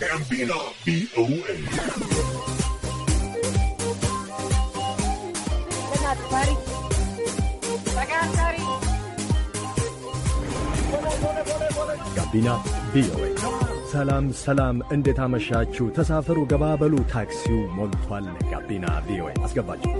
ጋቢና ቪኦኤ ጋቢና ቪኦኤ። ሰላም ሰላም፣ እንዴት አመሻችሁ? ተሳፈሩ፣ ገባበሉ፣ ታክሲው ሞልቷል። ጋቢና ቪኦኤ አስገባችሁ።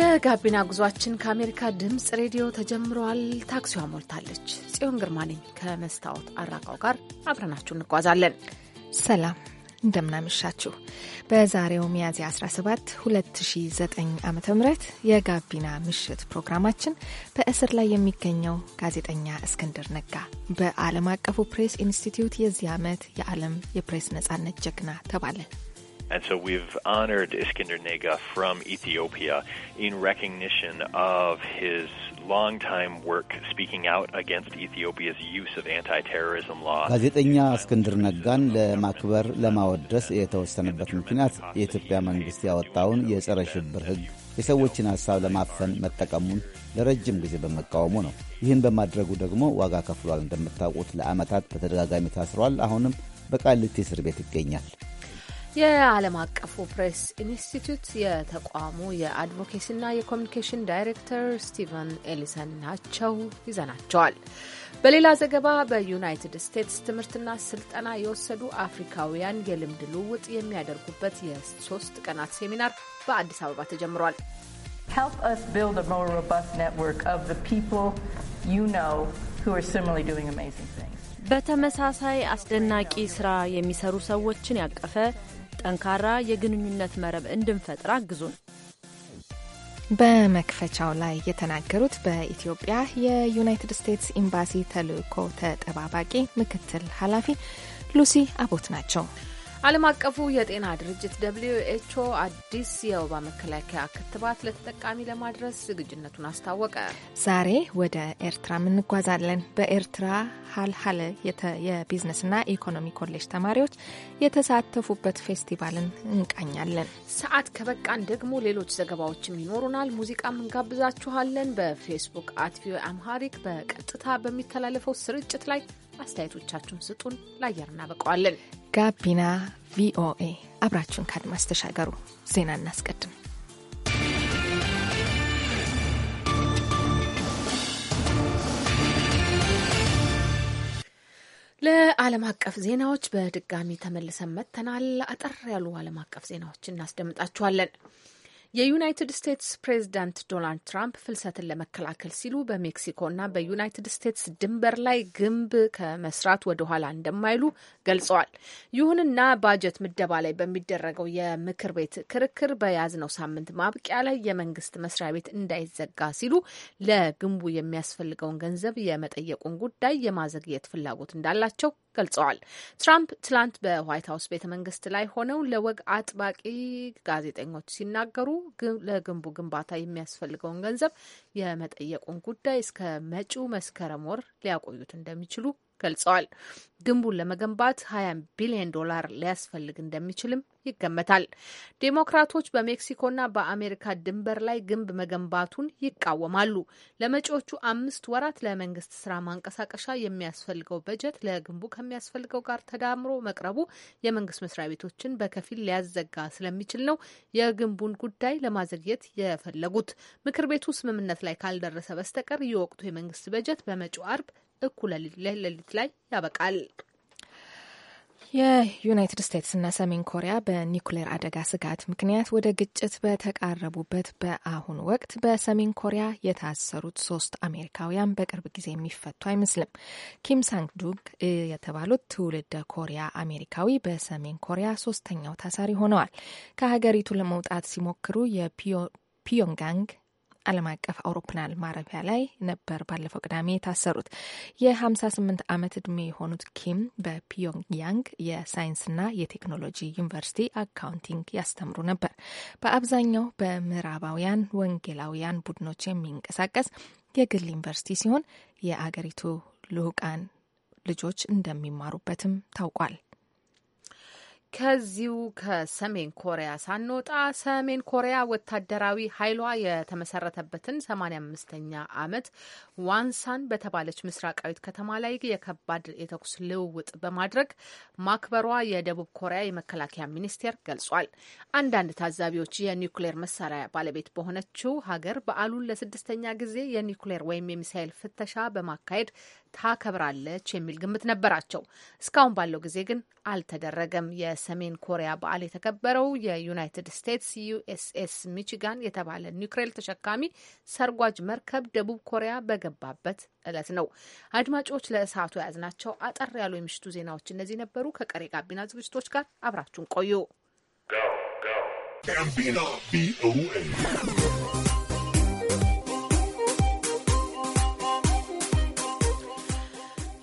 የጋቢና ጉዟችን ከአሜሪካ ድምፅ ሬዲዮ ተጀምረዋል። ታክሲዋ ሞልታለች። ጽዮን ግርማ ነኝ ከመስታወት አራቃው ጋር አብረናችሁ እንጓዛለን። ሰላም እንደምናመሻችሁ። በዛሬው ሚያዝያ 17 2009 ዓ ም የጋቢና ምሽት ፕሮግራማችን በእስር ላይ የሚገኘው ጋዜጠኛ እስክንድር ነጋ በዓለም አቀፉ ፕሬስ ኢንስቲትዩት የዚህ ዓመት የዓለም የፕሬስ ነጻነት ጀግና ተባለ። And so we've honored Iskender Nega from Ethiopia in recognition of his longtime work speaking out against Ethiopia's use of anti-terrorism law. ጋዜጠኛ እስክንድር ነጋን ለማክበር ለማወደስ የተወሰነበት ምክንያት የኢትዮጵያ መንግስት ያወጣውን የጸረ ሽብር ሕግ የሰዎችን ሐሳብ ለማፈን መጠቀሙን ለረጅም ጊዜ በመቃወሙ ነው። ይህን በማድረጉ ደግሞ ዋጋ ከፍሏል። እንደምታውቁት ለዓመታት በተደጋጋሚ ታስሯል። አሁንም በቃሊቲ እስር ቤት ይገኛል። የዓለም አቀፉ ፕሬስ ኢንስቲትዩት የተቋሙ የአድቮኬሲና የኮሚኒኬሽን ዳይሬክተር ስቲቨን ኤሊሰን ናቸው። ይዘናቸዋል። በሌላ ዘገባ በዩናይትድ ስቴትስ ትምህርትና ስልጠና የወሰዱ አፍሪካውያን የልምድ ልውውጥ የሚያደርጉበት የሶስት ቀናት ሴሚናር በአዲስ አበባ ተጀምሯል። በተመሳሳይ አስደናቂ ስራ የሚሰሩ ሰዎችን ያቀፈ ጠንካራ የግንኙነት መረብ እንድንፈጥር አግዙን። በመክፈቻው ላይ የተናገሩት በኢትዮጵያ የዩናይትድ ስቴትስ ኤምባሲ ተልእኮ ተጠባባቂ ምክትል ኃላፊ ሉሲ አቦት ናቸው። ዓለም አቀፉ የጤና ድርጅት ደብልዩ ኤችኦ አዲስ የወባ መከላከያ ክትባት ለተጠቃሚ ለማድረስ ዝግጅነቱን አስታወቀ። ዛሬ ወደ ኤርትራ እንጓዛለን። በኤርትራ ሀልሀለ የቢዝነስና ኢኮኖሚ ኮሌጅ ተማሪዎች የተሳተፉበት ፌስቲቫልን እንቃኛለን። ሰዓት ከበቃን ደግሞ ሌሎች ዘገባዎችም ይኖሩናል። ሙዚቃም እንጋብዛችኋለን። በፌስቡክ አት ቪኦኤ አምሃሪክ በቀጥታ በሚተላለፈው ስርጭት ላይ አስተያየቶቻችሁን ስጡን፣ ለአየር እናበቀዋለን። ጋቢና ቪኦኤ አብራችሁን ከአድማስ ተሻገሩ። ዜና እናስቀድም። ለዓለም አቀፍ ዜናዎች በድጋሚ ተመልሰን መጥተናል። አጠር ያሉ ዓለም አቀፍ ዜናዎችን እናስደምጣችኋለን። የዩናይትድ ስቴትስ ፕሬዝዳንት ዶናልድ ትራምፕ ፍልሰትን ለመከላከል ሲሉ በሜክሲኮና በዩናይትድ ስቴትስ ድንበር ላይ ግንብ ከመስራት ወደኋላ እንደማይሉ ገልጸዋል። ይሁንና ባጀት ምደባ ላይ በሚደረገው የምክር ቤት ክርክር በያዝነው ሳምንት ማብቂያ ላይ የመንግስት መስሪያ ቤት እንዳይዘጋ ሲሉ ለግንቡ የሚያስፈልገውን ገንዘብ የመጠየቁን ጉዳይ የማዘግየት ፍላጎት እንዳላቸው ገልጸዋል። ትራምፕ ትላንት በዋይት ሀውስ ቤተ መንግስት ላይ ሆነው ለወግ አጥባቂ ጋዜጠኞች ሲናገሩ ለግንቡ ግንባታ የሚያስፈልገውን ገንዘብ የመጠየቁን ጉዳይ እስከ መጪው መስከረም ወር ሊያቆዩት እንደሚችሉ ገልጸዋል። ግንቡን ለመገንባት 20 ቢሊዮን ዶላር ሊያስፈልግ እንደሚችልም ይገመታል። ዴሞክራቶች በሜክሲኮና በአሜሪካ ድንበር ላይ ግንብ መገንባቱን ይቃወማሉ። ለመጪዎቹ አምስት ወራት ለመንግስት ስራ ማንቀሳቀሻ የሚያስፈልገው በጀት ለግንቡ ከሚያስፈልገው ጋር ተዳምሮ መቅረቡ የመንግስት መስሪያ ቤቶችን በከፊል ሊያዘጋ ስለሚችል ነው የግንቡን ጉዳይ ለማዘግየት የፈለጉት። ምክር ቤቱ ስምምነት ላይ ካልደረሰ በስተቀር የወቅቱ የመንግስት በጀት በመጪው አርብ እኩለ ሌሊት ላይ ያበቃል። የዩናይትድ ስቴትስና ሰሜን ኮሪያ በኒኩሌር አደጋ ስጋት ምክንያት ወደ ግጭት በተቃረቡበት በአሁኑ ወቅት በሰሜን ኮሪያ የታሰሩት ሶስት አሜሪካውያን በቅርብ ጊዜ የሚፈቱ አይመስልም። ኪም ሳንግ ዱክ የተባሉት ትውልደ ኮሪያ አሜሪካዊ በሰሜን ኮሪያ ሶስተኛው ታሳሪ ሆነዋል። ከሀገሪቱ ለመውጣት ሲሞክሩ የፒዮንጋንግ ዓለም አቀፍ አውሮፕላን ማረፊያ ላይ ነበር ባለፈው ቅዳሜ የታሰሩት። የ58 ዓመት ዕድሜ የሆኑት ኪም በፒዮንግያንግ የሳይንስና የቴክኖሎጂ ዩኒቨርሲቲ አካውንቲንግ ያስተምሩ ነበር። በአብዛኛው በምዕራባውያን ወንጌላውያን ቡድኖች የሚንቀሳቀስ የግል ዩኒቨርሲቲ ሲሆን የአገሪቱ ልዑቃን ልጆች እንደሚማሩበትም ታውቋል። ከዚሁ ከሰሜን ኮሪያ ሳንወጣ ሰሜን ኮሪያ ወታደራዊ ኃይሏ የተመሰረተበትን 85ኛ ዓመት ዋንሳን በተባለች ምስራቃዊት ከተማ ላይ የከባድ የተኩስ ልውውጥ በማድረግ ማክበሯ የደቡብ ኮሪያ የመከላከያ ሚኒስቴር ገልጿል። አንዳንድ ታዛቢዎች የኒውክሌር መሳሪያ ባለቤት በሆነችው ሀገር በዓሉን ለስድስተኛ ጊዜ የኒውክሌር ወይም የሚሳይል ፍተሻ በማካሄድ ታከብራለች የሚል ግምት ነበራቸው። እስካሁን ባለው ጊዜ ግን አልተደረገም። የሰሜን ኮሪያ በዓል የተከበረው የዩናይትድ ስቴትስ ዩኤስኤስ ሚቺጋን የተባለ ኒውክሌር ተሸካሚ ሰርጓጅ መርከብ ደቡብ ኮሪያ በገባበት እለት ነው። አድማጮች፣ ለሰዓቱ የያዝናቸው አጠር ያሉ የምሽቱ ዜናዎች እነዚህ ነበሩ። ከቀሬ ጋቢና ዝግጅቶች ጋር አብራችሁን ቆዩ። ጋቢና ቪኦኤ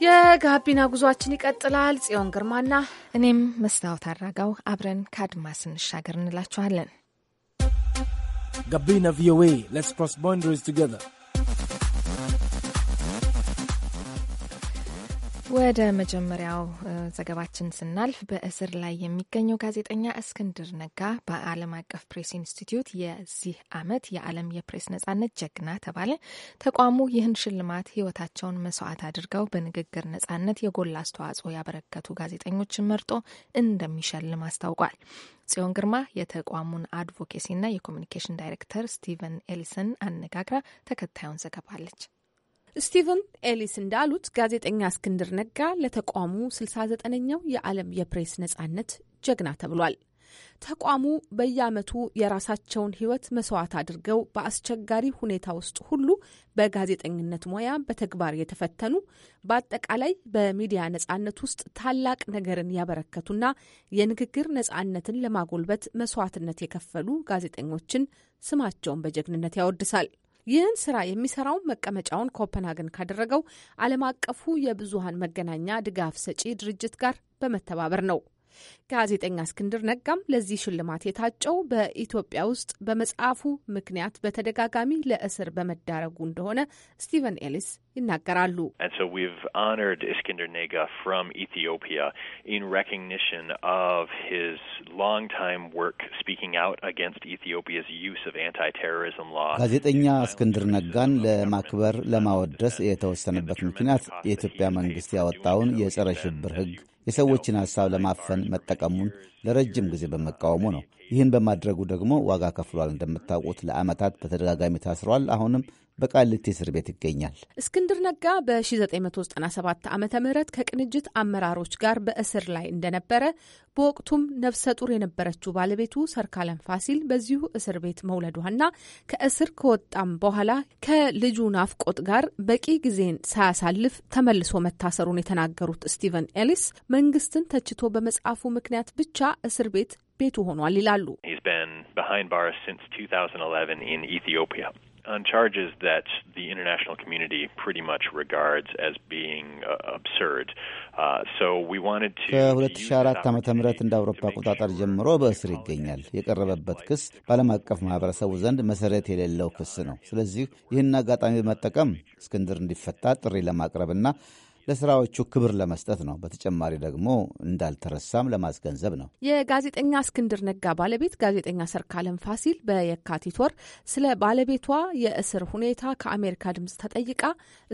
የጋቢና ጉዟችን ይቀጥላል። ጽዮን ግርማና እኔም መስታወት አድራጋው አብረን ከአድማስ እንሻገር እንላችኋለን። ጋቢና ቪኦኤ ሌትስ ክሮስ ቦንደሪስ ቱጌዘር ወደ መጀመሪያው ዘገባችን ስናልፍ በእስር ላይ የሚገኘው ጋዜጠኛ እስክንድር ነጋ በዓለም አቀፍ ፕሬስ ኢንስቲትዩት የዚህ ዓመት የዓለም የፕሬስ ነጻነት ጀግና ተባለ። ተቋሙ ይህን ሽልማት ሕይወታቸውን መስዋዕት አድርገው በንግግር ነጻነት የጎላ አስተዋጽኦ ያበረከቱ ጋዜጠኞችን መርጦ እንደሚሸልም አስታውቋል። ጽዮን ግርማ የተቋሙን አድቮኬሲና የኮሚኒኬሽን ዳይሬክተር ስቲቨን ኤሊሰን አነጋግራ ተከታዩን ዘገባለች። ስቲቨን ኤሊስ እንዳሉት ጋዜጠኛ እስክንድር ነጋ ለተቋሙ 69ኛው የዓለም የፕሬስ ነጻነት ጀግና ተብሏል። ተቋሙ በየዓመቱ የራሳቸውን ሕይወት መስዋዕት አድርገው በአስቸጋሪ ሁኔታ ውስጥ ሁሉ በጋዜጠኝነት ሙያ በተግባር የተፈተኑ በአጠቃላይ በሚዲያ ነጻነት ውስጥ ታላቅ ነገርን ያበረከቱና የንግግር ነጻነትን ለማጎልበት መስዋዕትነት የከፈሉ ጋዜጠኞችን ስማቸውን በጀግንነት ያወድሳል። ይህን ስራ የሚሰራውን መቀመጫውን ኮፐንሃገን ካደረገው ዓለም አቀፉ የብዙሀን መገናኛ ድጋፍ ሰጪ ድርጅት ጋር በመተባበር ነው። ጋዜጠኛ እስክንድር ነጋም ለዚህ ሽልማት የታጨው በኢትዮጵያ ውስጥ በመጽሐፉ ምክንያት በተደጋጋሚ ለእስር በመዳረጉ እንደሆነ ስቲቨን ኤሊስ ይናገራሉ። ዩስ ጋዜጠኛ እስክንድር ነጋን ለማክበር ለማወደስ የተወሰነበት ምክንያት የኢትዮጵያ መንግስት ያወጣውን የጸረ ሽብር ህግ የሰዎችን ሀሳብ ለማፈን መጠቀሙን ለረጅም ጊዜ በመቃወሙ ነው። ይህን በማድረጉ ደግሞ ዋጋ ከፍሏል። እንደምታውቁት ለአመታት በተደጋጋሚ ታስሯል። አሁንም በቃሊቲ እስር ቤት ይገኛል። እስክንድር ነጋ በ1997 ዓ ም ከቅንጅት አመራሮች ጋር በእስር ላይ እንደነበረ በወቅቱም ነፍሰ ጡር የነበረችው ባለቤቱ ሰርካለም ፋሲል በዚሁ እስር ቤት መውለዷና ከእስር ከወጣም በኋላ ከልጁ ናፍቆት ጋር በቂ ጊዜን ሳያሳልፍ ተመልሶ መታሰሩን የተናገሩት ስቲቨን ኤሊስ መንግስትን ተችቶ በመጽሐፉ ምክንያት ብቻ እስር ቤት ቤቱ ሆኗል ይላሉ። on charges that the international community pretty much regards as being uh, absurd. ከ2004 ዓ ም እንደ አውሮፓ አቆጣጠር ጀምሮ በእስር ይገኛል። የቀረበበት ክስ በዓለም አቀፍ ማህበረሰቡ ዘንድ መሰረት የሌለው ክስ ነው። ስለዚህ ይህን አጋጣሚ በመጠቀም እስክንድር እንዲፈታ ጥሪ ለማቅረብና ለስራዎቹ ክብር ለመስጠት ነው። በተጨማሪ ደግሞ እንዳልተረሳም ለማስገንዘብ ነው። የጋዜጠኛ እስክንድር ነጋ ባለቤት ጋዜጠኛ ሰርካለም ፋሲል በየካቲት ወር ስለ ባለቤቷ የእስር ሁኔታ ከአሜሪካ ድምፅ ተጠይቃ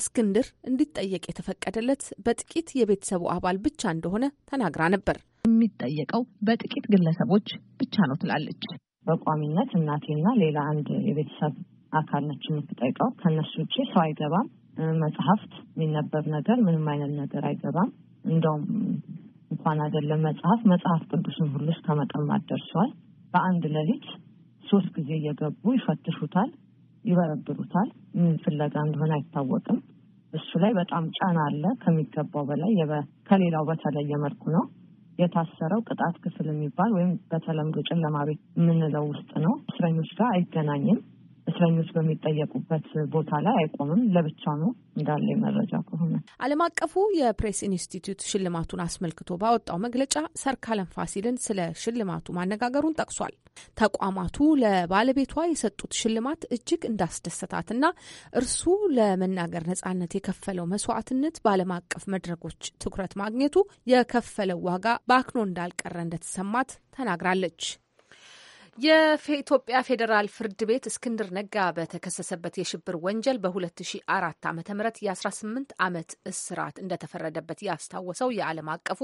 እስክንድር እንዲጠየቅ የተፈቀደለት በጥቂት የቤተሰቡ አባል ብቻ እንደሆነ ተናግራ ነበር። የሚጠየቀው በጥቂት ግለሰቦች ብቻ ነው ትላለች። በቋሚነት እናቴና ሌላ አንድ የቤተሰብ አካል ነች የምትጠይቀው። ከእነሱ ውጭ ሰው አይገባም። መጽሐፍት የሚነበብ ነገር ምንም አይነት ነገር አይገባም። እንደውም እንኳን አይደለም መጽሐፍ መጽሐፍ ቅዱስን ሁሉ እስከ መቀማት ደርሰዋል። በአንድ ሌሊት ሶስት ጊዜ እየገቡ ይፈትሹታል፣ ይበረብሩታል። ምን ፍለጋ እንደሆነ አይታወቅም። እሱ ላይ በጣም ጫና አለ። ከሚገባው በላይ ከሌላው በተለየ መልኩ ነው የታሰረው። ቅጣት ክፍል የሚባል ወይም በተለምዶ ጨለማ ቤት የምንለው ውስጥ ነው። እስረኞች ጋር አይገናኝም። እስረኞች በሚጠየቁበት ቦታ ላይ አይቆምም፣ ለብቻ ነው እንዳለ መረጃ ከሆነ። ዓለም አቀፉ የፕሬስ ኢንስቲትዩት ሽልማቱን አስመልክቶ ባወጣው መግለጫ ሰርካለም ፋሲልን ስለ ሽልማቱ ማነጋገሩን ጠቅሷል። ተቋማቱ ለባለቤቷ የሰጡት ሽልማት እጅግ እንዳስደሰታትና እርሱ ለመናገር ነጻነት የከፈለው መስዋዕትነት በዓለም አቀፍ መድረኮች ትኩረት ማግኘቱ የከፈለው ዋጋ ባክኖ እንዳልቀረ እንደተሰማት ተናግራለች። የኢትዮጵያ ፌዴራል ፍርድ ቤት እስክንድር ነጋ በተከሰሰበት የሽብር ወንጀል በ2004 ዓ ም የ18 ዓመት እስራት እንደተፈረደበት ያስታወሰው የዓለም አቀፉ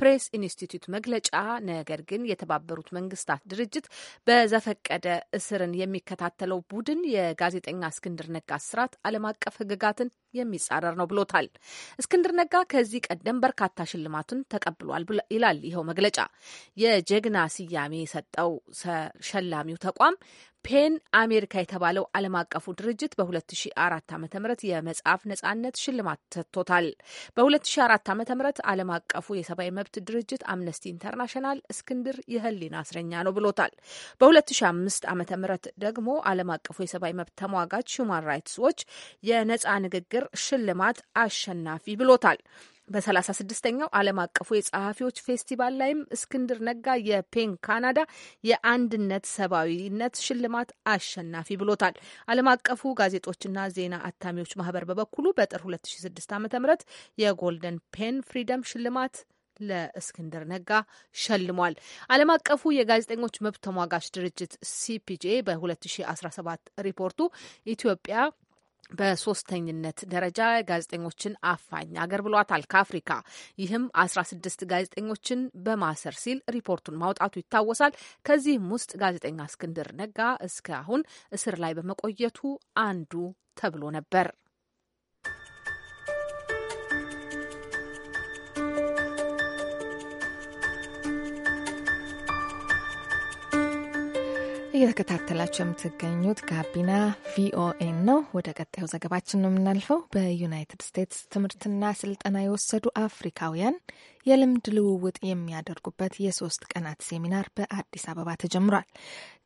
ፕሬስ ኢንስቲትዩት መግለጫ፣ ነገር ግን የተባበሩት መንግስታት ድርጅት በዘፈቀደ እስርን የሚከታተለው ቡድን የጋዜጠኛ እስክንድር ነጋ እስራት ዓለም አቀፍ ህግጋትን የሚጻረር ነው ብሎታል። እስክንድር ነጋ ከዚህ ቀደም በርካታ ሽልማቱን ተቀብሏል ይላል ይኸው መግለጫ የጀግና ስያሜ የሰጠው ሸላሚው ተቋም ፔን አሜሪካ የተባለው ዓለም አቀፉ ድርጅት በ2004 ዓ ም የመጽሐፍ ነጻነት ሽልማት ሰጥቶታል። በ2004 ዓ ም ዓለም አቀፉ የሰብአዊ መብት ድርጅት አምነስቲ ኢንተርናሽናል እስክንድር የህሊና እስረኛ ነው ብሎታል። በ2005 ዓ ም ደግሞ ዓለም አቀፉ የሰብአዊ መብት ተሟጋች ሁማን ራይትስ ዎች የነጻ ንግግር ሽልማት አሸናፊ ብሎታል። በሰላሳ ስድስተኛው ዓለም አቀፉ የጸሐፊዎች ፌስቲቫል ላይም እስክንድር ነጋ የፔን ካናዳ የአንድነት ሰብአዊነት ሽልማት አሸናፊ ብሎታል። ዓለም አቀፉ ጋዜጦችና ዜና አታሚዎች ማህበር በበኩሉ በጥር 2006 ዓ ም የጎልደን ፔን ፍሪደም ሽልማት ለእስክንድር ነጋ ሸልሟል። ዓለም አቀፉ የጋዜጠኞች መብት ተሟጋች ድርጅት ሲፒጄ በ2017 ሪፖርቱ ኢትዮጵያ በሶስተኝነት ደረጃ ጋዜጠኞችን አፋኝ አገር ብሏታል ከአፍሪካ ይህም አስራ ስድስት ጋዜጠኞችን በማሰር ሲል ሪፖርቱን ማውጣቱ ይታወሳል። ከዚህም ውስጥ ጋዜጠኛ እስክንድር ነጋ እስከ አሁን እስር ላይ በመቆየቱ አንዱ ተብሎ ነበር። እየተከታተላችሁ የምትገኙት ጋቢና ቪኦኤን ነው። ወደ ቀጣዩ ዘገባችን ነው የምናልፈው። በዩናይትድ ስቴትስ ትምህርትና ስልጠና የወሰዱ አፍሪካውያን የልምድ ልውውጥ የሚያደርጉበት የሶስት ቀናት ሴሚናር በአዲስ አበባ ተጀምሯል።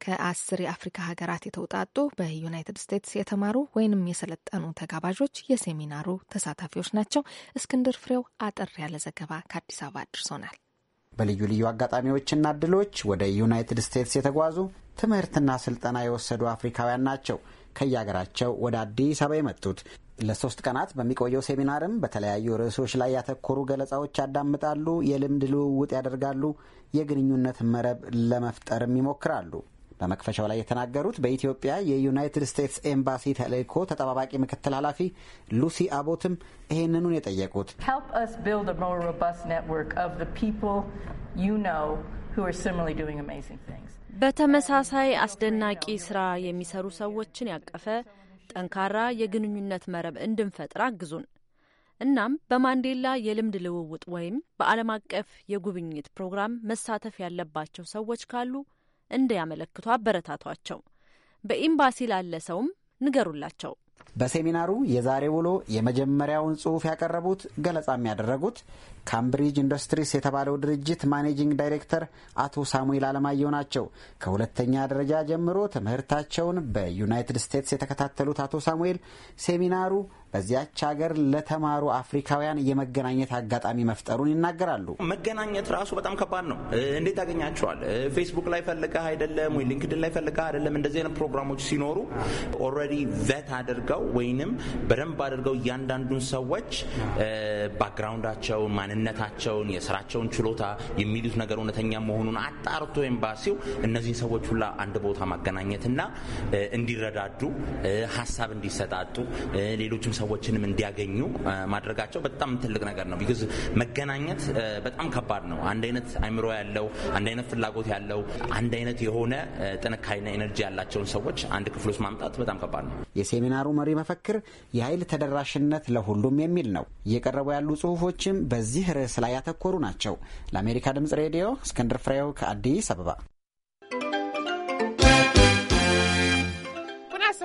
ከአስር የአፍሪካ ሀገራት የተውጣጡ በዩናይትድ ስቴትስ የተማሩ ወይንም የሰለጠኑ ተጋባዦች የሴሚናሩ ተሳታፊዎች ናቸው። እስክንድር ፍሬው አጠር ያለ ዘገባ ከአዲስ አበባ አድርሶናል። በልዩ ልዩ አጋጣሚዎችና እድሎች ወደ ዩናይትድ ስቴትስ የተጓዙ ትምህርትና ስልጠና የወሰዱ አፍሪካውያን ናቸው ከየሀገራቸው ወደ አዲስ አበባ የመጡት። ለሶስት ቀናት በሚቆየው ሴሚናርም በተለያዩ ርዕሶች ላይ ያተኮሩ ገለጻዎች ያዳምጣሉ፣ የልምድ ልውውጥ ያደርጋሉ፣ የግንኙነት መረብ ለመፍጠርም ይሞክራሉ። በመክፈቻው ላይ የተናገሩት በኢትዮጵያ የዩናይትድ ስቴትስ ኤምባሲ ተልእኮ ተጠባባቂ ምክትል ኃላፊ ሉሲ አቦትም ይህንኑን የጠየቁት በተመሳሳይ አስደናቂ ስራ የሚሰሩ ሰዎችን ያቀፈ ጠንካራ የግንኙነት መረብ እንድንፈጥር አግዙን። እናም በማንዴላ የልምድ ልውውጥ ወይም በዓለም አቀፍ የጉብኝት ፕሮግራም መሳተፍ ያለባቸው ሰዎች ካሉ እንዲያመለክቱ አበረታቷቸው። በኤምባሲ ላለ ሰውም ንገሩላቸው። በሴሚናሩ የዛሬ ውሎ የመጀመሪያውን ጽሑፍ ያቀረቡት ገለጻም ያደረጉት ካምብሪጅ ኢንዱስትሪስ የተባለው ድርጅት ማኔጂንግ ዳይሬክተር አቶ ሳሙኤል አለማየሁ ናቸው። ከሁለተኛ ደረጃ ጀምሮ ትምህርታቸውን በዩናይትድ ስቴትስ የተከታተሉት አቶ ሳሙኤል ሴሚናሩ በዚያች ሀገር ለተማሩ አፍሪካውያን የመገናኘት አጋጣሚ መፍጠሩን ይናገራሉ። መገናኘት ራሱ በጣም ከባድ ነው። እንዴት ታገኛቸዋል? ፌስቡክ ላይ ፈልገህ አይደለም ወይ ሊንክድን ላይ ፈልገህ አይደለም። እንደዚህ አይነት ፕሮግራሞች ሲኖሩ ኦልሬዲ ቬት አድርገው ወይንም በደንብ አድርገው እያንዳንዱን ሰዎች ባክግራውንዳቸውን፣ ማንነታቸውን፣ የስራቸውን ችሎታ የሚሉት ነገር እውነተኛ መሆኑን አጣርቶ ኤምባሲው እነዚህን ሰዎች ሁላ አንድ ቦታ ማገናኘትና እንዲረዳዱ ሀሳብ እንዲሰጣጡ ሌሎችም ሰዎችንም እንዲያገኙ ማድረጋቸው በጣም ትልቅ ነገር ነው። ቢካዝ መገናኘት በጣም ከባድ ነው። አንድ አይነት አይምሮ ያለው አንድ አይነት ፍላጎት ያለው አንድ አይነት የሆነ ጥንካሬና ኤነርጂ ያላቸውን ሰዎች አንድ ክፍል ውስጥ ማምጣት በጣም ከባድ ነው። የሴሚናሩ መሪ መፈክር የኃይል ተደራሽነት ለሁሉም የሚል ነው። እየቀረቡ ያሉ ጽሁፎችም በዚህ ርዕስ ላይ ያተኮሩ ናቸው። ለአሜሪካ ድምጽ ሬዲዮ እስክንድር ፍሬው ከአዲስ አበባ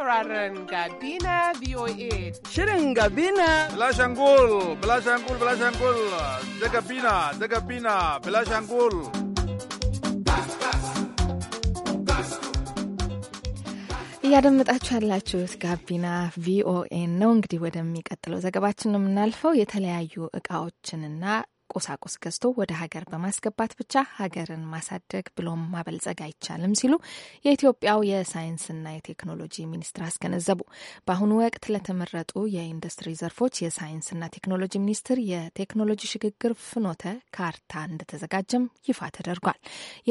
sauraron Gabina VOA. Shirin Gabina. Bilashangul, Bilashangul, Bilashangul, da Gabina, da Gabina, Bilashangul. እያደመጣችሁ ያላችሁት ጋቢና ቪኦኤ ነው። እንግዲህ ወደሚቀጥለው ዘገባችን ነው የምናልፈው። የተለያዩ እቃዎችንና ቁሳቁስ ገዝቶ ወደ ሀገር በማስገባት ብቻ ሀገርን ማሳደግ ብሎም ማበልጸግ አይቻልም ሲሉ የኢትዮጵያው የሳይንስና የቴክኖሎጂ ሚኒስትር አስገነዘቡ። በአሁኑ ወቅት ለተመረጡ የኢንዱስትሪ ዘርፎች የሳይንስና ቴክኖሎጂ ሚኒስቴር የቴክኖሎጂ ሽግግር ፍኖተ ካርታ እንደተዘጋጀም ይፋ ተደርጓል።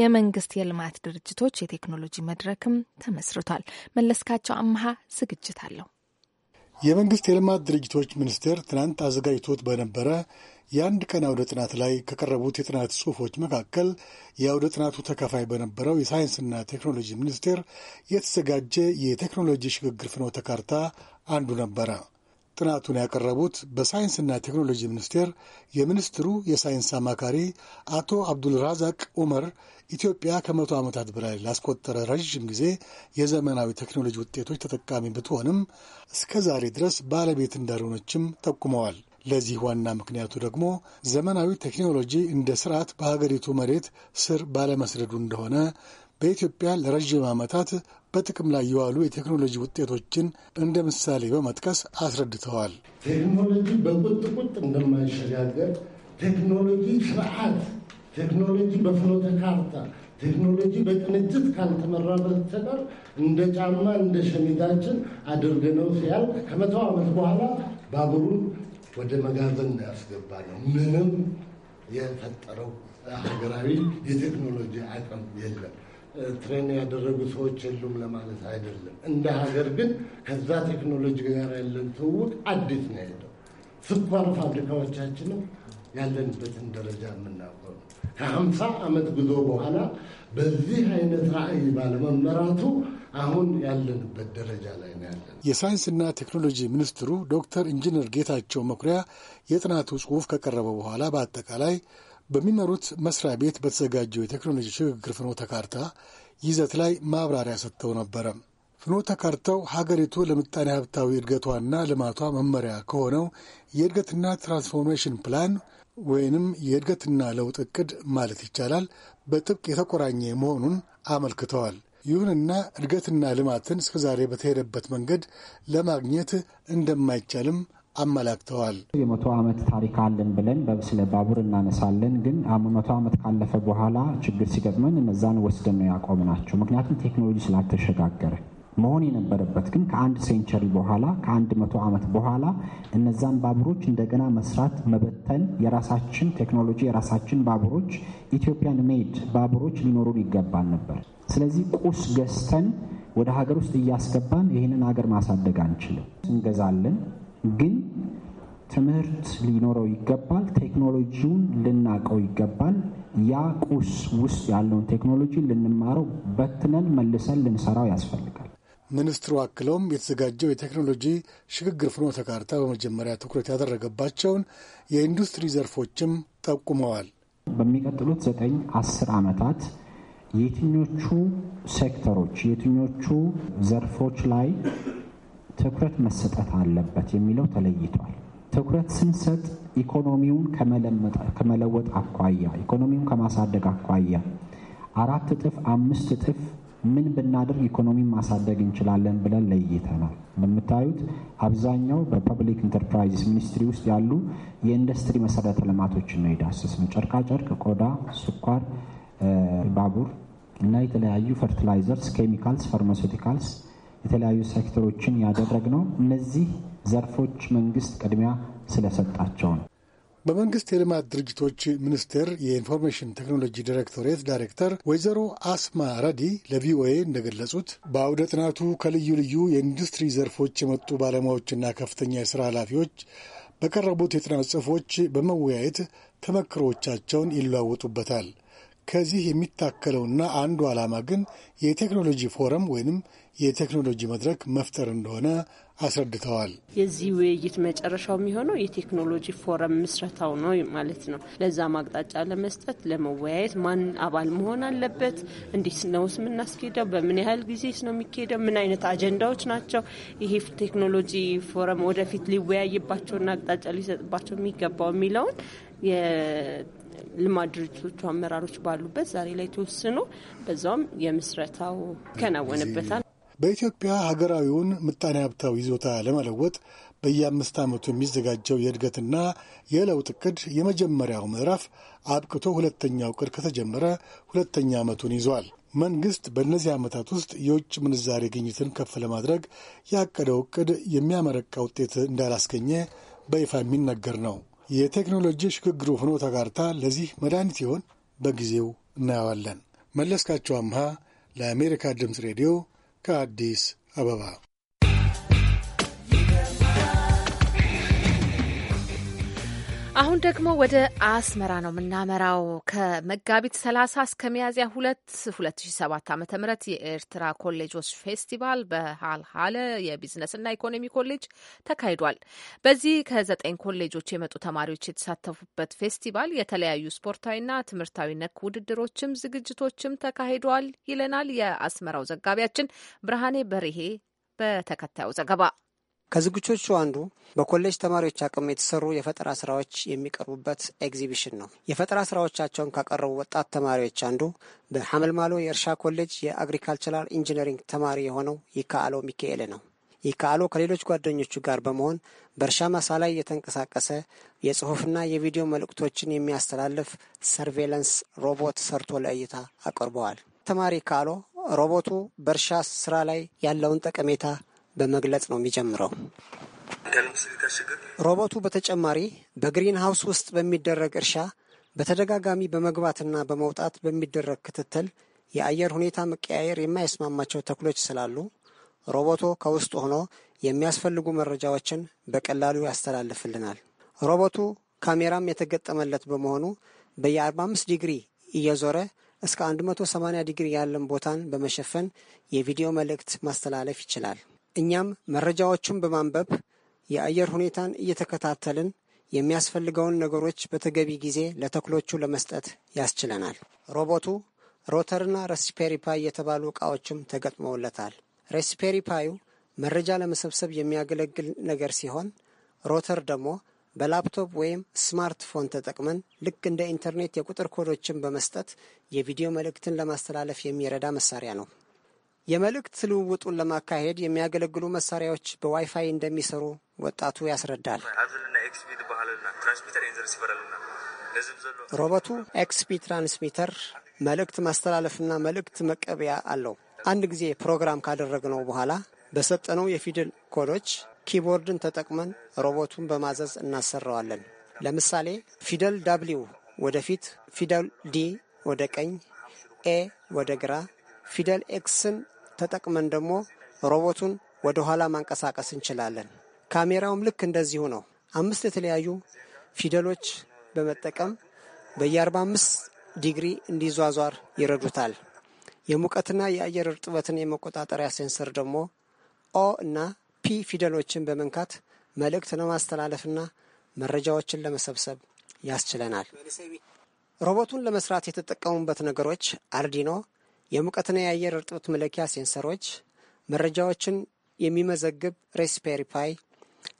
የመንግስት የልማት ድርጅቶች የቴክኖሎጂ መድረክም ተመስርቷል። መለስካቸው አምሃ ዝግጅት አለው። የመንግሥት የልማት ድርጅቶች ሚኒስቴር ትናንት አዘጋጅቶት በነበረ የአንድ ቀን አውደ ጥናት ላይ ከቀረቡት የጥናት ጽሑፎች መካከል የአውደ ጥናቱ ተካፋይ በነበረው የሳይንስና ቴክኖሎጂ ሚኒስቴር የተዘጋጀ የቴክኖሎጂ ሽግግር ፍኖተ ካርታ አንዱ ነበረ። ጥናቱን ያቀረቡት በሳይንስና ቴክኖሎጂ ሚኒስቴር የሚኒስትሩ የሳይንስ አማካሪ አቶ አብዱልራዛቅ ኡመር ኢትዮጵያ ከመቶ ዓመታት በላይ ላስቆጠረ ረዥም ጊዜ የዘመናዊ ቴክኖሎጂ ውጤቶች ተጠቃሚ ብትሆንም እስከ ዛሬ ድረስ ባለቤት እንዳልሆነችም ጠቁመዋል። ለዚህ ዋና ምክንያቱ ደግሞ ዘመናዊ ቴክኖሎጂ እንደ ስርዓት በሀገሪቱ መሬት ስር ባለመስደዱ እንደሆነ በኢትዮጵያ ለረዥም ዓመታት በጥቅም ላይ የዋሉ የቴክኖሎጂ ውጤቶችን እንደ ምሳሌ በመጥቀስ አስረድተዋል። ቴክኖሎጂ በቁጥቁጥ እንደማይሸጋገር ቴክኖሎጂ ስርዓት ቴክኖሎጂ በፍኖተ ካርታ ቴክኖሎጂ በቅንጅት ካልተመራ በስተቀር እንደ ጫማ እንደ ሸሚዛችን አድርገነው ሲያልቅ ከመቶ ዓመት በኋላ ባቡሩን ወደ መጋዘን ያስገባ ነው። ምንም የፈጠረው ሀገራዊ የቴክኖሎጂ አቅም የለም። ትሬን ያደረጉ ሰዎች የሉም ለማለት አይደለም። እንደ ሀገር ግን ከዛ ቴክኖሎጂ ጋር ያለን ትውውቅ አዲስ ነው ያለው። ስኳር ፋብሪካዎቻችንም ያለንበትን ደረጃ የምናውቅ ከሀምሳ ዓመት ጉዞ በኋላ በዚህ አይነት ራዕይ ባለመመራቱ አሁን ያለንበት ደረጃ ላይ ነው ያለን። የሳይንስና ቴክኖሎጂ ሚኒስትሩ ዶክተር ኢንጂነር ጌታቸው መኩሪያ የጥናቱ ጽሑፍ ከቀረበ በኋላ በአጠቃላይ በሚመሩት መስሪያ ቤት በተዘጋጀው የቴክኖሎጂ ሽግግር ፍኖተ ካርታ ይዘት ላይ ማብራሪያ ሰጥተው ነበረ። ፍኖተ ካርታው ሀገሪቱ ለምጣኔ ሀብታዊ እድገቷና ልማቷ መመሪያ ከሆነው የእድገትና ትራንስፎርሜሽን ፕላን ወይንም የእድገትና ለውጥ እቅድ ማለት ይቻላል በጥብቅ የተቆራኘ መሆኑን አመልክተዋል። ይሁንና እድገትና ልማትን እስከዛሬ በተሄደበት መንገድ ለማግኘት እንደማይቻልም አመላክተዋል። የመቶ ዓመት ታሪክ አለን ብለን ስለ ባቡር እናነሳለን። ግን መቶ ዓመት ካለፈ በኋላ ችግር ሲገጥመን እነዛን ወስደን ነው ያቆምናቸው። ምክንያቱም ቴክኖሎጂ ስላልተሸጋገረ መሆን የነበረበት ግን ከአንድ ሴንቸሪ በኋላ ከአንድ መቶ ዓመት በኋላ እነዛን ባቡሮች እንደገና መስራት፣ መበተን፣ የራሳችን ቴክኖሎጂ የራሳችን ባቡሮች ኢትዮጵያን ሜድ ባቡሮች ሊኖሩን ይገባል ነበር። ስለዚህ ቁስ ገዝተን ወደ ሀገር ውስጥ እያስገባን ይህንን ሀገር ማሳደግ አንችልም። እንገዛለን፣ ግን ትምህርት ሊኖረው ይገባል። ቴክኖሎጂውን ልናቀው ይገባል። ያ ቁስ ውስጥ ያለውን ቴክኖሎጂ ልንማረው፣ በትነን መልሰን ልንሰራው ያስፈልጋል። ሚኒስትሩ አክለውም የተዘጋጀው የቴክኖሎጂ ሽግግር ፍኖተ ካርታ በመጀመሪያ ትኩረት ያደረገባቸውን የኢንዱስትሪ ዘርፎችም ጠቁመዋል። በሚቀጥሉት ዘጠኝ አስር ዓመታት የትኞቹ ሴክተሮች የትኞቹ ዘርፎች ላይ ትኩረት መሰጠት አለበት የሚለው ተለይቷል። ትኩረት ስንሰጥ ኢኮኖሚውን ከመለወጥ አኳያ ኢኮኖሚውን ከማሳደግ አኳያ አራት እጥፍ አምስት እጥፍ ምን ብናደርግ ኢኮኖሚ ማሳደግ እንችላለን ብለን ለይተናል። እንደምታዩት አብዛኛው በፐብሊክ ኢንተርፕራይዝስ ሚኒስትሪ ውስጥ ያሉ የኢንዱስትሪ መሰረተ ልማቶችን ነው የዳሰስነው። ጨርቃጨርቅ፣ ቆዳ፣ ስኳር፣ ባቡር እና የተለያዩ ፈርቲላይዘርስ፣ ኬሚካልስ፣ ፋርማሴቲካልስ የተለያዩ ሴክተሮችን ነው እነዚህ ዘርፎች መንግስት ቅድሚያ ስለሰጣቸው ነው። በመንግስት የልማት ድርጅቶች ሚኒስቴር የኢንፎርሜሽን ቴክኖሎጂ ዲሬክቶሬት ዳይሬክተር ወይዘሮ አስማ ረዲ ለቪኦኤ እንደገለጹት በአውደ ጥናቱ ከልዩ ልዩ የኢንዱስትሪ ዘርፎች የመጡ ባለሙያዎችና ከፍተኛ የስራ ኃላፊዎች በቀረቡት የጥናት ጽሑፎች በመወያየት ተመክሮቻቸውን ይለዋወጡበታል። ከዚህ የሚታከለውና አንዱ ዓላማ ግን የቴክኖሎጂ ፎረም ወይንም የቴክኖሎጂ መድረክ መፍጠር እንደሆነ አስረድተዋል። የዚህ ውይይት መጨረሻው የሚሆነው የቴክኖሎጂ ፎረም ምስረታው ነው ማለት ነው። ለዛ ማቅጣጫ ለመስጠት ለመወያየት ማን አባል መሆን አለበት፣ እንዴት ነውስ የምናስኬደው፣ በምን ያህል ጊዜስ ነው የሚካሄደው፣ ምን አይነት አጀንዳዎች ናቸው ይሄ ቴክኖሎጂ ፎረም ወደፊት ሊወያይባቸውና አቅጣጫ ሊሰጥባቸው የሚገባው የሚለውን ልማት ድርጅቶቹ አመራሮች ባሉበት ዛሬ ላይ ተወስኖ በዛውም የምስረታው ይከናወንበታል። በኢትዮጵያ ሀገራዊውን ምጣኔ ሀብታዊ ይዞታ ለመለወጥ በየአምስት ዓመቱ የሚዘጋጀው የእድገትና የለውጥ እቅድ የመጀመሪያው ምዕራፍ አብቅቶ ሁለተኛው እቅድ ከተጀመረ ሁለተኛ ዓመቱን ይዟል። መንግስት በእነዚህ ዓመታት ውስጥ የውጭ ምንዛሬ ግኝትን ከፍ ለማድረግ ያቀደው እቅድ የሚያመረቃ ውጤት እንዳላስገኘ በይፋ የሚነገር ነው። የቴክኖሎጂ ሽግግሩ ፍኖተ ካርታ ለዚህ መድኃኒት ይሆን? በጊዜው እናየዋለን። መለስካቸው አምሃ ለአሜሪካ ድምፅ ሬዲዮ ከአዲስ አበባ አሁን ደግሞ ወደ አስመራ ነው የምናመራው። ከመጋቢት 30 እስከ ሚያዝያ 2 2007 ዓ ም የኤርትራ ኮሌጆች ፌስቲቫል በሃልሃለ የቢዝነስና ኢኮኖሚ ኮሌጅ ተካሂዷል። በዚህ ከዘጠኝ ኮሌጆች የመጡ ተማሪዎች የተሳተፉበት ፌስቲቫል የተለያዩ ስፖርታዊና ትምህርታዊ ነክ ውድድሮችም ዝግጅቶችም ተካሂዷል ይለናል የአስመራው ዘጋቢያችን ብርሃኔ በርሄ በተከታዩ ዘገባ ከዝግጆቹ አንዱ በኮሌጅ ተማሪዎች አቅም የተሰሩ የፈጠራ ስራዎች የሚቀርቡበት ኤግዚቢሽን ነው። የፈጠራ ስራዎቻቸውን ካቀረቡ ወጣት ተማሪዎች አንዱ በሐመልማሎ የእርሻ ኮሌጅ የአግሪካልቸራል ኢንጂነሪንግ ተማሪ የሆነው ይካአሎ ሚካኤል ነው። ይካአሎ ከሌሎች ጓደኞቹ ጋር በመሆን በእርሻ ማሳ ላይ የተንቀሳቀሰ የጽሑፍና የቪዲዮ መልእክቶችን የሚያስተላልፍ ሰርቬለንስ ሮቦት ሰርቶ ለእይታ አቅርበዋል። ተማሪ ካሎ ሮቦቱ በእርሻ ስራ ላይ ያለውን ጠቀሜታ በመግለጽ ነው የሚጀምረው። ሮቦቱ በተጨማሪ በግሪን ሃውስ ውስጥ በሚደረግ እርሻ በተደጋጋሚ በመግባትና በመውጣት በሚደረግ ክትትል የአየር ሁኔታ መቀያየር የማይስማማቸው ተክሎች ስላሉ ሮቦቶ ከውስጥ ሆኖ የሚያስፈልጉ መረጃዎችን በቀላሉ ያስተላልፍልናል። ሮቦቱ ካሜራም የተገጠመለት በመሆኑ በየ45 ዲግሪ እየዞረ እስከ 180 ዲግሪ ያለን ቦታን በመሸፈን የቪዲዮ መልእክት ማስተላለፍ ይችላል። እኛም መረጃዎቹን በማንበብ የአየር ሁኔታን እየተከታተልን የሚያስፈልገውን ነገሮች በተገቢ ጊዜ ለተክሎቹ ለመስጠት ያስችለናል። ሮቦቱ ሮተርና ረስፔሪፓይ የተባሉ ዕቃዎችም ተገጥመውለታል። ሬስፔሪፓዩ መረጃ ለመሰብሰብ የሚያገለግል ነገር ሲሆን ሮተር ደግሞ በላፕቶፕ ወይም ስማርትፎን ተጠቅመን ልክ እንደ ኢንተርኔት የቁጥር ኮዶችን በመስጠት የቪዲዮ መልእክትን ለማስተላለፍ የሚረዳ መሳሪያ ነው። የመልእክት ልውውጡን ለማካሄድ የሚያገለግሉ መሳሪያዎች በዋይፋይ እንደሚሰሩ ወጣቱ ያስረዳል። ሮቦቱ ኤክስፒ ትራንስሚተር መልእክት ማስተላለፍና መልእክት መቀበያ አለው። አንድ ጊዜ ፕሮግራም ካደረግነው በኋላ በሰጠነው የፊደል ኮዶች ኪቦርድን ተጠቅመን ሮቦቱን በማዘዝ እናሰራዋለን። ለምሳሌ ፊደል ዳብሊው ወደፊት፣ ፊደል ዲ ወደ ቀኝ፣ ኤ ወደ ግራ ፊደል ኤክስን ተጠቅመን ደግሞ ሮቦቱን ወደ ኋላ ማንቀሳቀስ እንችላለን። ካሜራውም ልክ እንደዚሁ ነው። አምስት የተለያዩ ፊደሎች በመጠቀም በየ45 ዲግሪ እንዲዟዟር ይረዱታል። የሙቀትና የአየር እርጥበትን የመቆጣጠሪያ ሴንሰር ደግሞ ኦ እና ፒ ፊደሎችን በመንካት መልእክት ለማስተላለፍና መረጃዎችን ለመሰብሰብ ያስችለናል። ሮቦቱን ለመስራት የተጠቀሙበት ነገሮች አርዲኖ የሙቀትና የአየር እርጥበት መለኪያ ሴንሰሮች መረጃዎችን የሚመዘግብ ሬስፔሪ ፓይ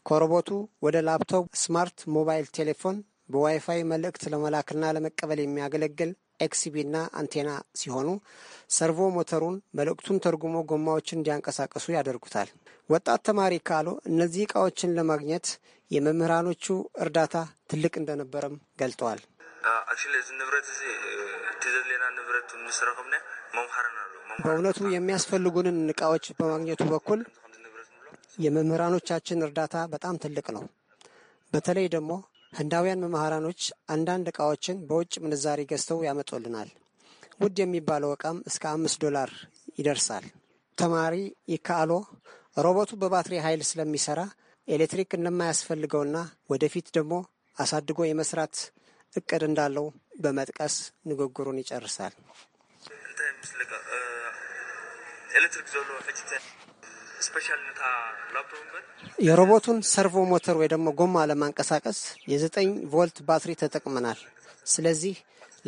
ከሮቦቱ ወደ ላፕቶፕ፣ ስማርት ሞባይል ቴሌፎን በዋይፋይ መልእክት ለመላክና ለመቀበል የሚያገለግል ኤክስቢና አንቴና ሲሆኑ ሰርቮ ሞተሩን መልእክቱን ተርጉሞ ጎማዎችን እንዲያንቀሳቀሱ ያደርጉታል። ወጣት ተማሪ ካሉ እነዚህ እቃዎችን ለማግኘት የመምህራኖቹ እርዳታ ትልቅ እንደነበረም ገልጠዋል። ንብረት እዚ ንብረት በእውነቱ የሚያስፈልጉንን እቃዎች በማግኘቱ በኩል የመምህራኖቻችን እርዳታ በጣም ትልቅ ነው። በተለይ ደግሞ ህንዳውያን መምህራኖች አንዳንድ እቃዎችን በውጭ ምንዛሪ ገዝተው ያመጡልናል። ውድ የሚባለው እቃም እስከ አምስት ዶላር ይደርሳል። ተማሪ ይካአሎ ሮቦቱ በባትሪ ኃይል ስለሚሰራ ኤሌክትሪክ እንደማያስፈልገውና ወደፊት ደግሞ አሳድጎ የመስራት እቅድ እንዳለው በመጥቀስ ንግግሩን ይጨርሳል። የሮቦቱን ሰርቮ ሞተር ወይ ደግሞ ጎማ ለማንቀሳቀስ የዘጠኝ ቮልት ባትሪ ተጠቅመናል። ስለዚህ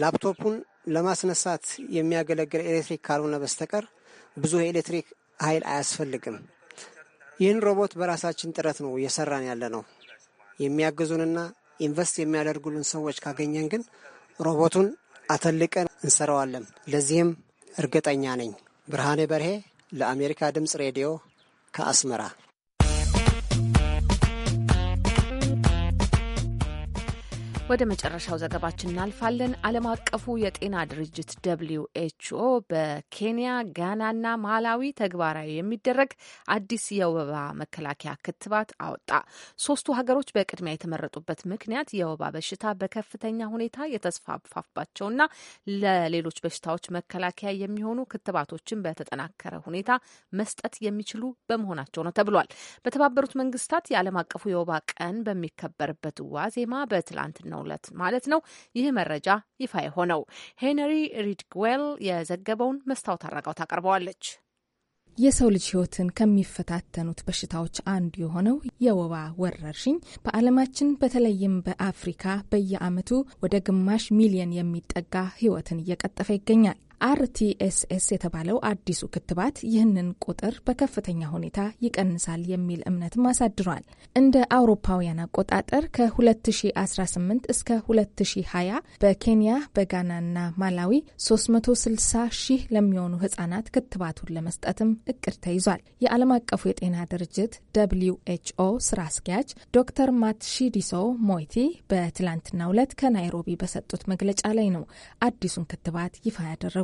ላፕቶፑን ለማስነሳት የሚያገለግል ኤሌክትሪክ ካልሆነ በስተቀር ብዙ የኤሌክትሪክ ኃይል አያስፈልግም። ይህን ሮቦት በራሳችን ጥረት ነው እየሰራን ያለ ነው። የሚያግዙንና ኢንቨስት የሚያደርጉልን ሰዎች ካገኘን ግን ሮቦቱን አተልቀን እንሰራዋለን። ለዚህም እርግጠኛ ነኝ። ብርሃኔ በርሄ ለአሜሪካ ድምፅ ሬዲዮ ከአስመራ ወደ መጨረሻው ዘገባችን እናልፋለን። ዓለም አቀፉ የጤና ድርጅት ደብልዩ ኤችኦ በኬንያ ጋናና ማላዊ ተግባራዊ የሚደረግ አዲስ የወባ መከላከያ ክትባት አወጣ። ሶስቱ ሀገሮች በቅድሚያ የተመረጡበት ምክንያት የወባ በሽታ በከፍተኛ ሁኔታ የተስፋፋባቸውና ለሌሎች በሽታዎች መከላከያ የሚሆኑ ክትባቶችን በተጠናከረ ሁኔታ መስጠት የሚችሉ በመሆናቸው ነው ተብሏል። በተባበሩት መንግስታት የዓለም አቀፉ የወባ ቀን በሚከበርበት ዋዜማ በትላንትና በትናንትናው ዕለት ማለት ነው ይህ መረጃ ይፋ የሆነው። ሄንሪ ሪድግዌል የዘገበውን መስታወት አረጋው ታቀርበዋለች። የሰው ልጅ ሕይወትን ከሚፈታተኑት በሽታዎች አንዱ የሆነው የወባ ወረርሽኝ በዓለማችን በተለይም በአፍሪካ በየዓመቱ ወደ ግማሽ ሚሊየን የሚጠጋ ሕይወትን እየቀጠፈ ይገኛል። አርቲኤስኤስ የተባለው አዲሱ ክትባት ይህንን ቁጥር በከፍተኛ ሁኔታ ይቀንሳል የሚል እምነትም አሳድሯል። እንደ አውሮፓውያን አቆጣጠር ከ2018 እስከ 2020 በኬንያ በጋናና ማላዊ 360 ሺህ ለሚሆኑ ህጻናት ክትባቱን ለመስጠትም እቅድ ተይዟል። የዓለም አቀፉ የጤና ድርጅት ደብሊው ኤችኦ ስራ አስኪያጅ ዶክተር ማትሺዲሶ ሞይቲ በትላንትናው ዕለት ከናይሮቢ በሰጡት መግለጫ ላይ ነው አዲሱን ክትባት ይፋ ያደረጉ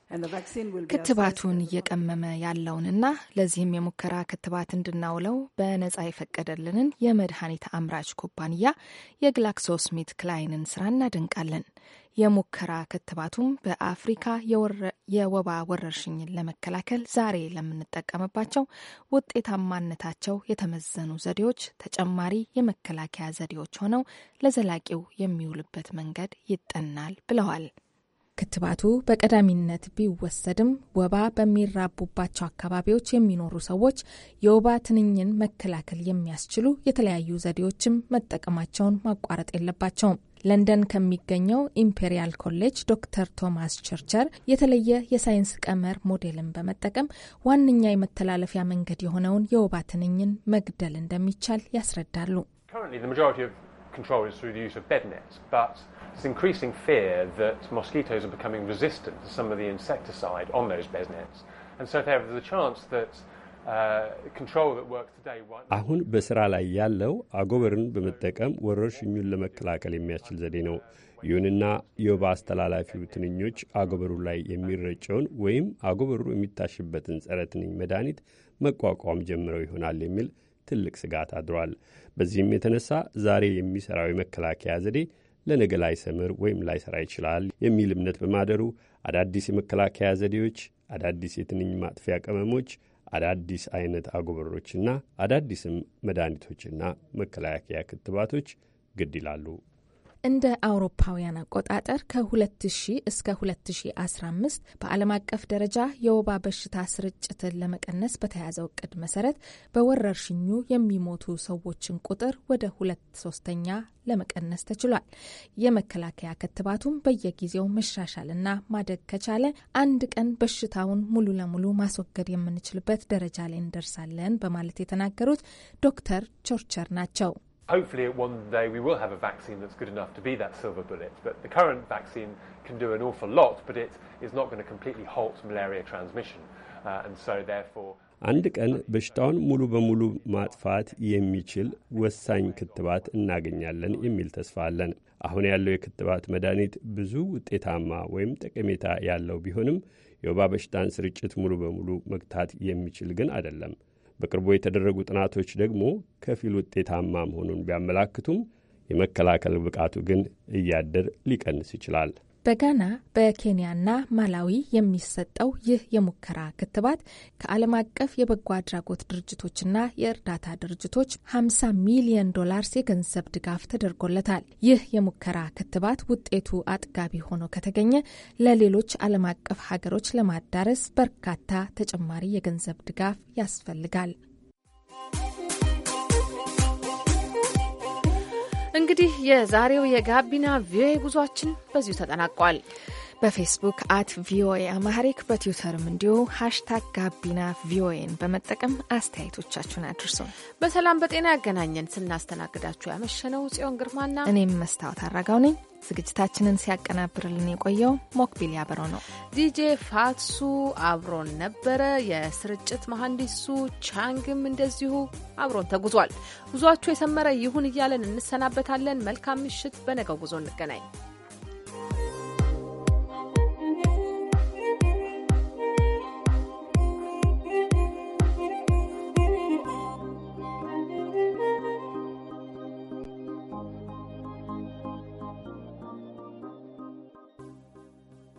ክትባቱን እየቀመመ ያለውንና ለዚህም የሙከራ ክትባት እንድናውለው በነጻ የፈቀደልንን የመድኃኒት አምራች ኩባንያ የግላክሶ ስሚት ክላይንን ስራ እናደንቃለን። የሙከራ ክትባቱም በአፍሪካ የወባ ወረርሽኝን ለመከላከል ዛሬ ለምንጠቀምባቸው ውጤታማነታቸው የተመዘኑ ዘዴዎች ተጨማሪ የመከላከያ ዘዴዎች ሆነው ለዘላቂው የሚውልበት መንገድ ይጠናል ብለዋል። ክትባቱ በቀዳሚነት ቢወሰድም ወባ በሚራቡባቸው አካባቢዎች የሚኖሩ ሰዎች የወባ ትንኝን መከላከል የሚያስችሉ የተለያዩ ዘዴዎችም መጠቀማቸውን ማቋረጥ የለባቸውም። ለንደን ከሚገኘው ኢምፔሪያል ኮሌጅ ዶክተር ቶማስ ቸርቸር የተለየ የሳይንስ ቀመር ሞዴልን በመጠቀም ዋነኛ የመተላለፊያ መንገድ የሆነውን የወባ ትንኝን መግደል እንደሚቻል ያስረዳሉ። control is through the use of bed nets, but there's increasing fear that mosquitoes are becoming resistant to some of the insecticide on those bed nets. And so there is a chance that አሁን በስራ ላይ ያለው አጎበርን በመጠቀም ወረርሽኙን ለመከላከል የሚያስችል ዘዴ ነው። ይሁንና የወባ አስተላላፊው ትንኞች አጎበሩ ላይ የሚረጨውን ወይም አጎበሩ የሚታሽበትን ጸረ ትንኝ መድኃኒት መቋቋም ጀምረው ይሆናል የሚል ትልቅ ስጋት አድሯል። በዚህም የተነሳ ዛሬ የሚሠራው የመከላከያ ዘዴ ለነገ ላይሰምር ወይም ላይሰራ ይችላል የሚል እምነት በማደሩ አዳዲስ የመከላከያ ዘዴዎች፣ አዳዲስ የትንኝ ማጥፊያ ቅመሞች፣ አዳዲስ አይነት አጎበሮችና አዳዲስም መድኃኒቶችና መከላከያ ክትባቶች ግድ ይላሉ። እንደ አውሮፓውያን አቆጣጠር ከ2000 እስከ 2015 በዓለም አቀፍ ደረጃ የወባ በሽታ ስርጭትን ለመቀነስ በተያዘው እቅድ መሰረት በወረርሽኙ የሚሞቱ ሰዎችን ቁጥር ወደ ሁለት ሶስተኛ ለመቀነስ ተችሏል። የመከላከያ ክትባቱም በየጊዜው መሻሻልና ማደግ ከቻለ አንድ ቀን በሽታውን ሙሉ ለሙሉ ማስወገድ የምንችልበት ደረጃ ላይ እንደርሳለን በማለት የተናገሩት ዶክተር ቾርቸር ናቸው። Hopefully, at one day, we will have a vaccine that's good enough to be that silver bullet. But the current vaccine can do an awful lot, but it is not going to completely halt malaria transmission. Uh, and so, therefore, አንድ ቀን በሽታውን ሙሉ በሙሉ ማጥፋት የሚችል ወሳኝ ክትባት እናገኛለን የሚል ተስፋ አለን። አሁን ያለው የክትባት መድኃኒት ብዙ ውጤታማ ወይም ጠቀሜታ ያለው ቢሆንም የወባ በሽታን ስርጭት ሙሉ በሙሉ መግታት የሚችል ግን አይደለም። በቅርቡ የተደረጉ ጥናቶች ደግሞ ከፊል ውጤታማ መሆኑን ቢያመላክቱም የመከላከል ብቃቱ ግን እያደር ሊቀንስ ይችላል። በጋና በኬንያና ማላዊ የሚሰጠው ይህ የሙከራ ክትባት ከዓለም አቀፍ የበጎ አድራጎት ድርጅቶችና የእርዳታ ድርጅቶች 50 ሚሊዮን ዶላርስ የገንዘብ ድጋፍ ተደርጎለታል። ይህ የሙከራ ክትባት ውጤቱ አጥጋቢ ሆኖ ከተገኘ ለሌሎች ዓለም አቀፍ ሀገሮች ለማዳረስ በርካታ ተጨማሪ የገንዘብ ድጋፍ ያስፈልጋል። እንግዲህ የዛሬው የጋቢና ቪኦኤ ጉዟችን በዚሁ ተጠናቋል። በፌስቡክ አት ቪኦኤ አማሪክ በትዊተርም እንዲሁ ሃሽታግ ጋቢና ቪኦኤን በመጠቀም አስተያየቶቻችሁን አድርሱ። በሰላም በጤና ያገናኘን። ስናስተናግዳችሁ ያመሸነው ጽዮን ግርማና እኔም መስታወት አራጋው ነኝ። ዝግጅታችንን ሲያቀናብርልን የቆየው ሞክቢል ያበረው ነው። ዲጄ ፋትሱ አብሮን ነበረ። የስርጭት መሐንዲሱ ቻንግም እንደዚሁ አብሮን ተጉዟል። ጉዟችሁ የሰመረ ይሁን እያለን እንሰናበታለን። መልካም ምሽት። በነገው ጉዞ እንገናኝ።